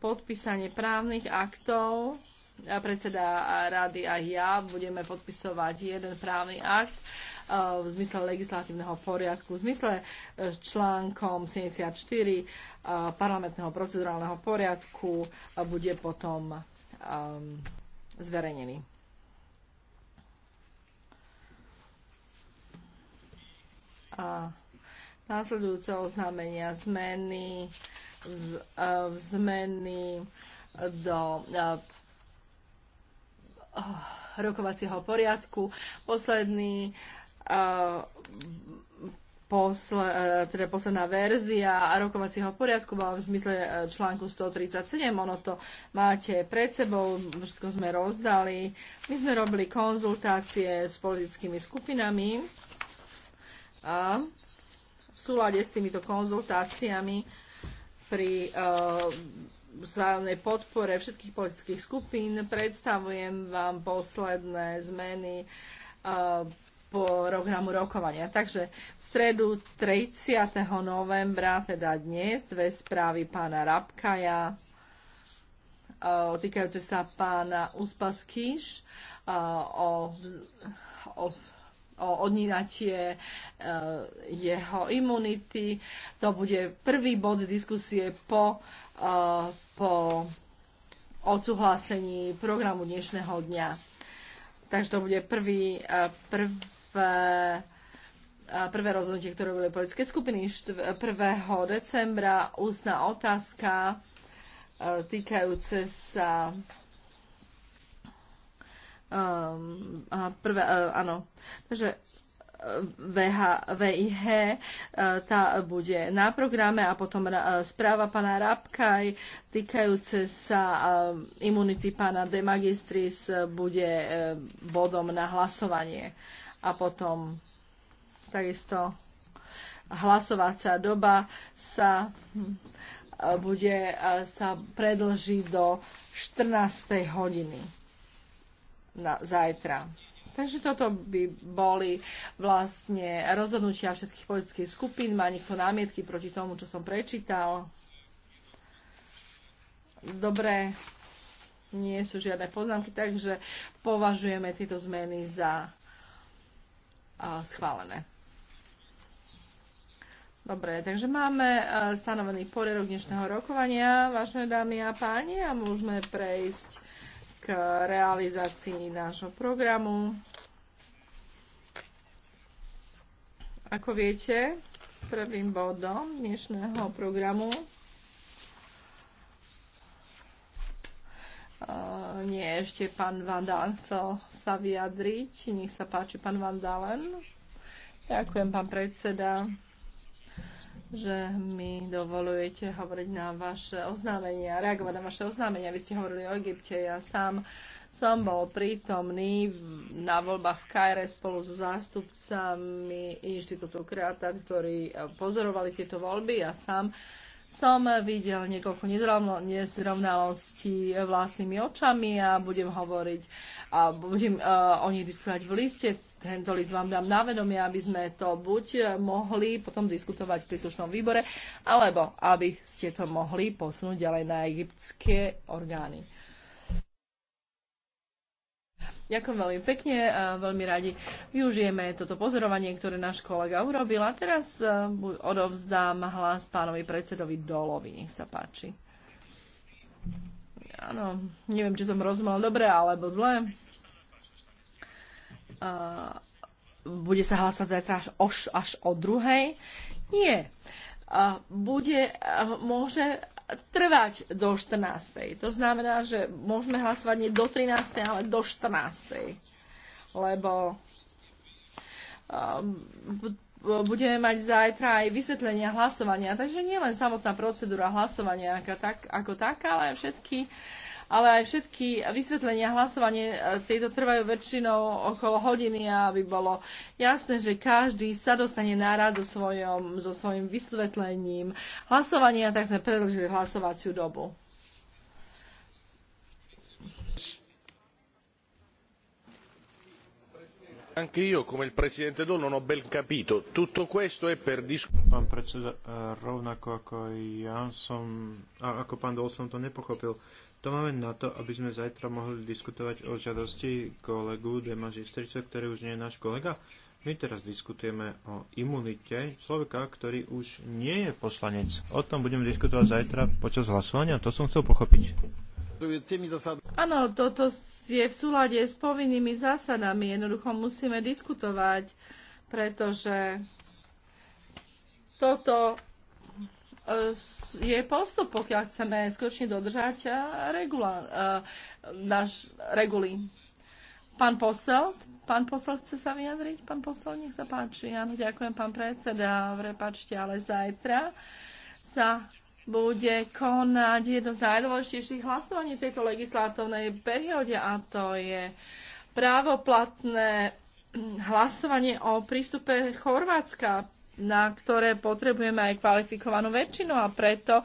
podpísanie právnych aktov. Predseda rady a ja budeme podpisovať jeden právny akt e, v zmysle legislatívneho poriadku, v zmysle s e, článkom 74 e, parlamentného procedurálneho poriadku bude potom zverejnený. A následujúce oznámenia zmeny zmeny do rokovacieho poriadku. Posledný posle, teda posledná verzia rokovacieho poriadku bola v zmysle článku 137. Ono to máte pred sebou, všetko sme rozdali. My sme robili konzultácie s politickými skupinami a v súlade s týmito konzultáciami pri eh, vzájomnej podpore všetkých politických skupín. Predstavujem vám posledné zmeny eh, po programu rokovania. Takže v stredu 30. novembra, teda dnes, dve správy pána Rabkaja eh, týkajúce sa pána uh, o, o o odnínatie e, jeho imunity. To bude prvý bod diskusie po, e, po odsúhlasení programu dnešného dňa. Takže to bude prvý, e, prvé, prvé rozhodnutie, ktoré boli politické skupiny 1. decembra, ústna otázka týkajúce sa Um, ehm, a prvé, uh, áno. Takže e, VH, VIH, e, tá bude na programe a potom správa pána Rabkaj týkajúce sa imunity pána De Magistris bude bodom na hlasovanie. A potom takisto hlasovacia doba sa bude sa predlžiť do 14. hodiny na zajtra. Takže toto by boli vlastne rozhodnutia všetkých politických skupín. Má niekto námietky proti tomu, čo som prečítal? Dobre, nie sú žiadne poznámky, takže považujeme tieto zmeny za schválené. Dobre, takže máme e, stanovený poriadok dnešného rokovania, vážne dámy a páni, a môžeme prejsť k realizácii nášho programu. Ako viete, prvým bodom dnešného programu eh, nie, ešte pán Van Dalen chcel sa vyjadriť. Nech sa páči, pán Van Dalen. Ďakujem, pán predseda že mi dovolujete hovoriť na vaše oznámenia, reagovať na vaše oznámenia. Vy ste hovorili o Egypte, ja sám som bol prítomný na voľbách v Kajre spolu so zástupcami Inštitútu Kreata, ktorí eh, pozorovali tieto voľby. Ja sám som videl niekoľko nezrovnalostí vlastnými očami a budem hovoriť a budem uh, o nich diskutovať v liste tento list vám dám na vedomie, aby sme to buď mohli potom diskutovať v príslušnom výbore, alebo aby ste to mohli posunúť ďalej na egyptské orgány. Ďakujem veľmi pekne a veľmi radi využijeme toto pozorovanie, ktoré náš kolega urobil. A teraz e, odovzdám hlas pánovi predsedovi Dolovi. Nech sa páči. Áno, neviem, či som rozumel dobre alebo zle uh, bude sa hlasovať zajtra až, o, až o druhej. Nie. Uh, bude, uh, môže trvať do 14. To znamená, že môžeme hlasovať nie do 13. ale do 14. Lebo ehm, budeme mať zajtra aj vysvetlenia hlasovania. Takže nielen samotná procedúra hlasovania ako, tak, ako taká, ale všetky uh, ale aj všetky vysvetlenia hlasovanie tieto trvajú väčšinou okolo hodiny, aby bolo jasné, že každý sa dostane nárad so, svojom, so svojim vysvetlením hlasovania, tak sme predlžili hlasovaciu dobu. Anche io, come il Presidente Don, non ho ben capito. Tutto questo è per discutere. Pán predseda, eh, rovnako ako ja som, ako pán Dol som to nepochopil to máme na to, aby sme zajtra mohli diskutovať o žiadosti kolegu de Magistrica, ktorý už nie je náš kolega. My teraz diskutujeme o imunite človeka, ktorý už nie je poslanec. O tom budeme diskutovať zajtra počas hlasovania, to som chcel pochopiť. Áno, toto je v súlade s povinnými zásadami. Jednoducho musíme diskutovať, pretože toto je postup, pokiaľ chceme skutočne dodržať e, regula, e, náš reguly. Pán posel, pán posel chce sa vyjadriť? Pán posel, nech sa páči. Áno, ďakujem, pán predseda. Prepačte, ale zajtra sa bude konať jedno z najdôležitejších hlasovaní v tejto legislatívnej periode, a to je právoplatné hlasovanie o prístupe Chorvátska na ktoré potrebujeme aj kvalifikovanú väčšinu a preto e,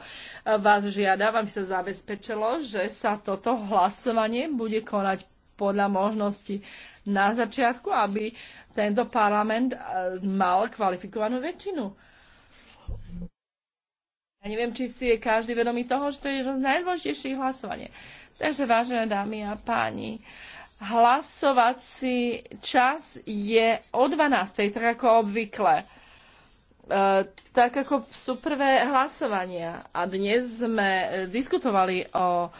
vás žiadam, aby sa zabezpečilo, že sa toto hlasovanie bude konať podľa možnosti na začiatku, aby tento parlament e, mal kvalifikovanú väčšinu. Ja neviem, či si je každý vedomý toho, že to je jedno z najdôležitejších hlasovanie. Takže, vážené dámy a páni, hlasovací čas je o 12.00, tak ako obvykle. E, tak ako sú prvé hlasovania. A dnes sme e, diskutovali o e,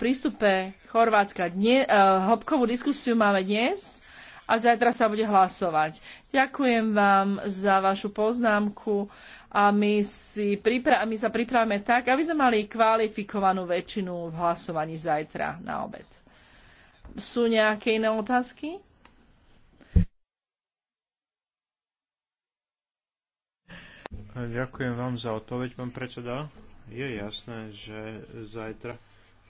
prístupe Chorvátska. Dne, hĺbkovú diskusiu máme dnes a zajtra sa bude hlasovať. Ďakujem vám za vašu poznámku a my, si pripra- my sa pripravíme tak, aby sme mali kvalifikovanú väčšinu v hlasovaní zajtra na obed. Sú nejaké iné otázky? Ďakujem vám za odpoveď, pán predseda. Je jasné, že zajtra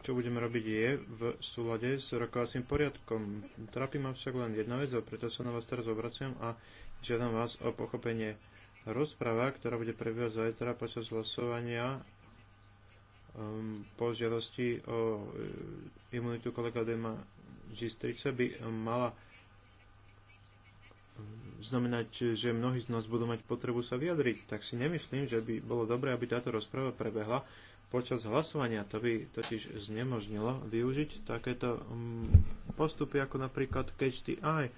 čo budeme robiť je v súlade s rokovacím poriadkom. Trápi ma však len jedna vec a preto sa na vás teraz obraciam a žiadam vás o pochopenie. Rozprava, ktorá bude prebiehať zajtra počas hlasovania um, po žiadosti o um, imunitu kolega Dema Gistrice by mala znamenať, že mnohí z nás budú mať potrebu sa vyjadriť, tak si nemyslím, že by bolo dobré, aby táto rozprava prebehla počas hlasovania. To by totiž znemožnilo využiť takéto mm, postupy ako napríklad Catch the Eye,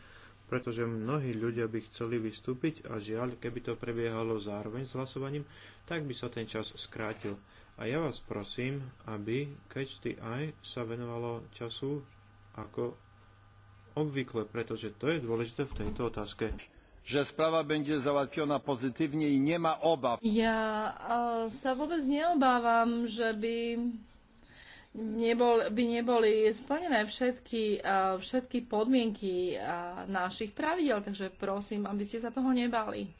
pretože mnohí ľudia by chceli vystúpiť a žiaľ, keby to prebiehalo zároveň s hlasovaním, tak by sa ten čas skrátil. A ja vás prosím, aby Catch the Eye sa venovalo času ako obvykle, pretože to je dôležité v tejto otázke že správa bude załatwiona pozitívne i nemá obav. Ja e, sa vôbec neobávam, že by, nebol, by neboli splnené všetky, e, všetky podmienky e, našich pravidel, takže prosím, aby ste sa toho nebali.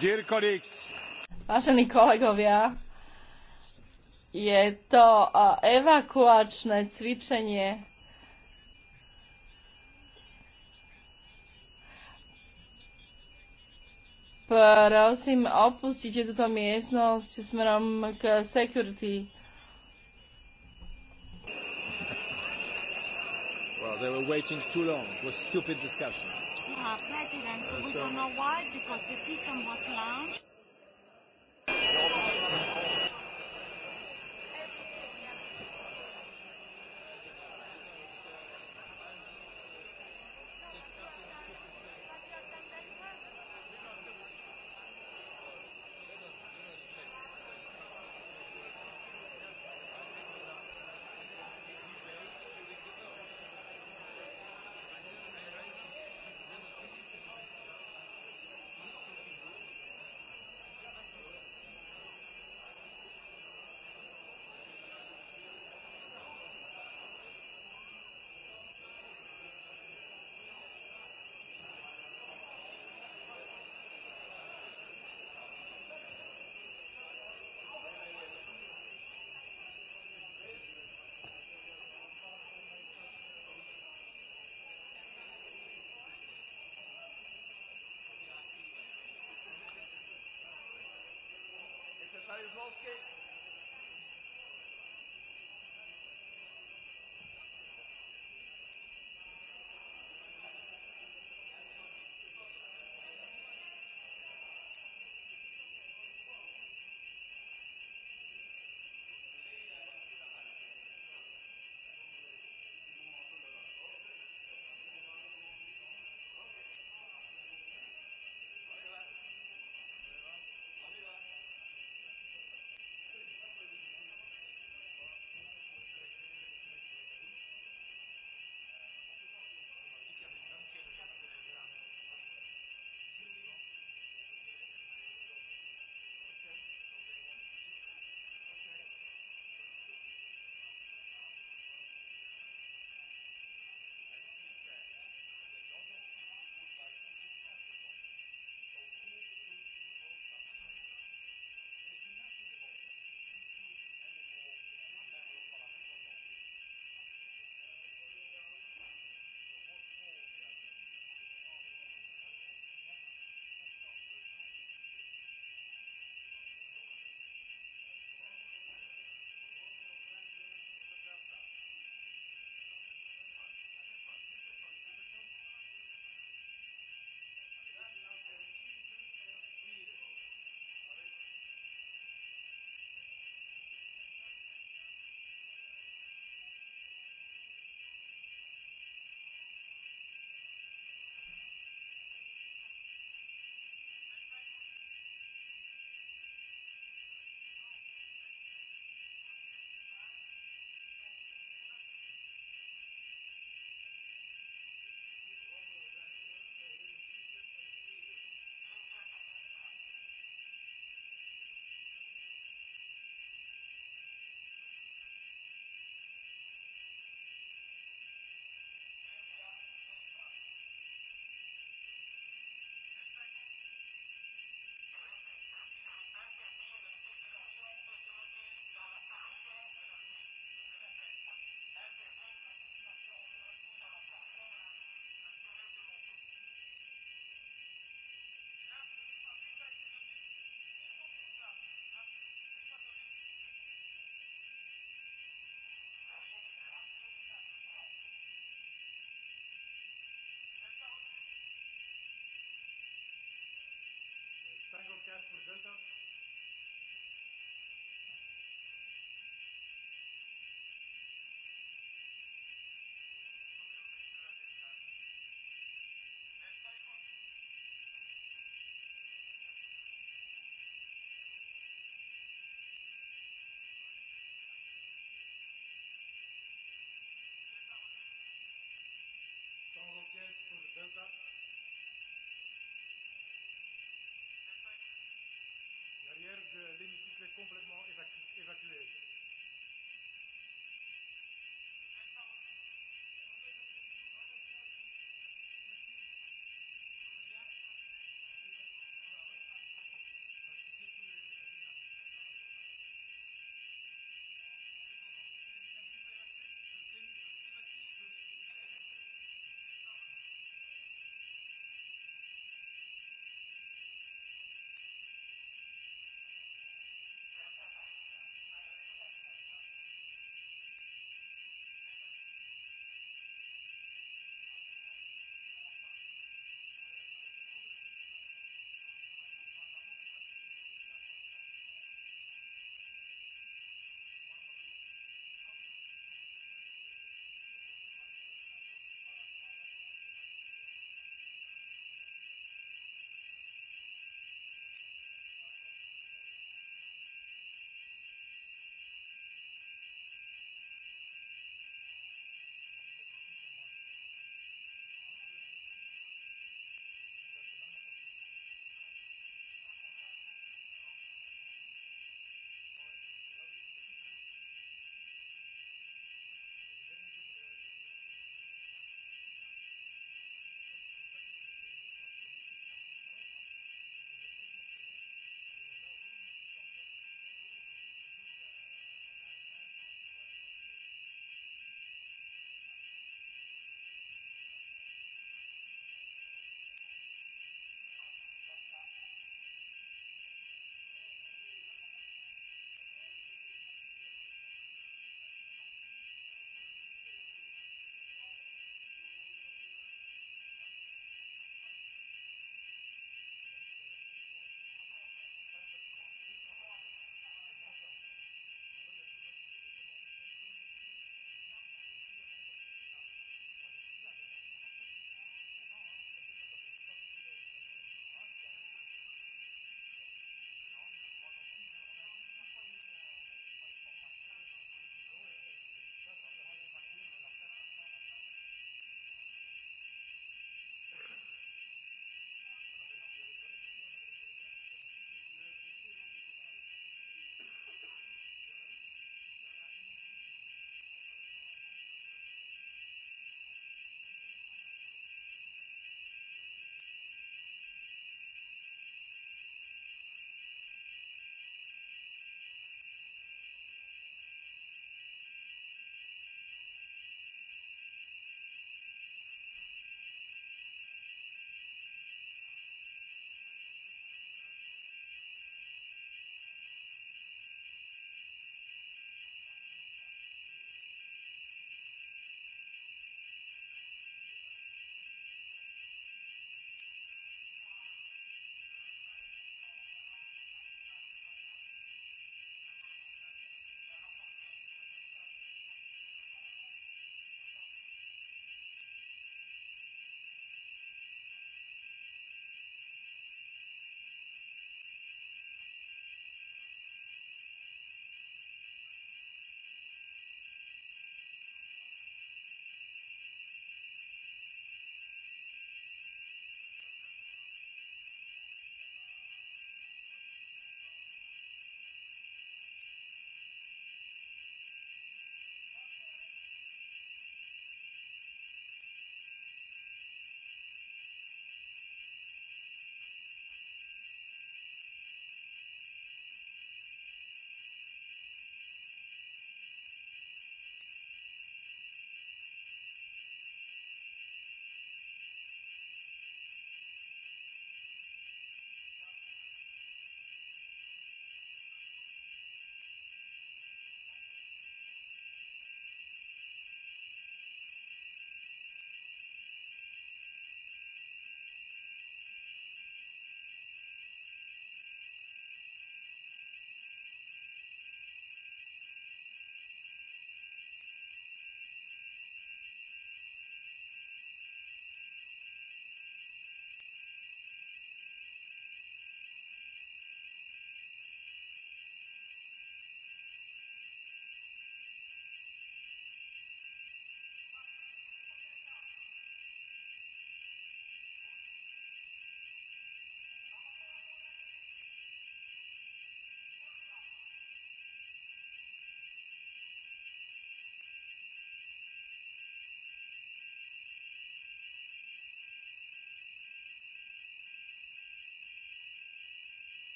Dear colleagues. Vážení kolegovia, je to e, evakuačné cvičenie prosím, opustite túto miestnosť smerom k security. Well, they were waiting too long. It was stupid discussion. Uh, President, uh, we so... don't know why, because the system was launched. necessary, Zlowski. Ďakujem. complètement évacu évacuée.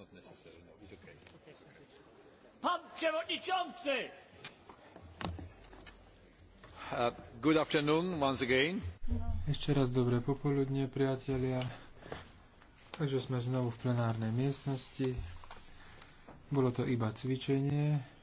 not necessary. No, it's okay. Pan przewodniczący! Uh, good afternoon once again. Ešte raz dobré popoludne, priatelia. Takže sme znovu v plenárnej miestnosti. Bolo to iba cvičenie.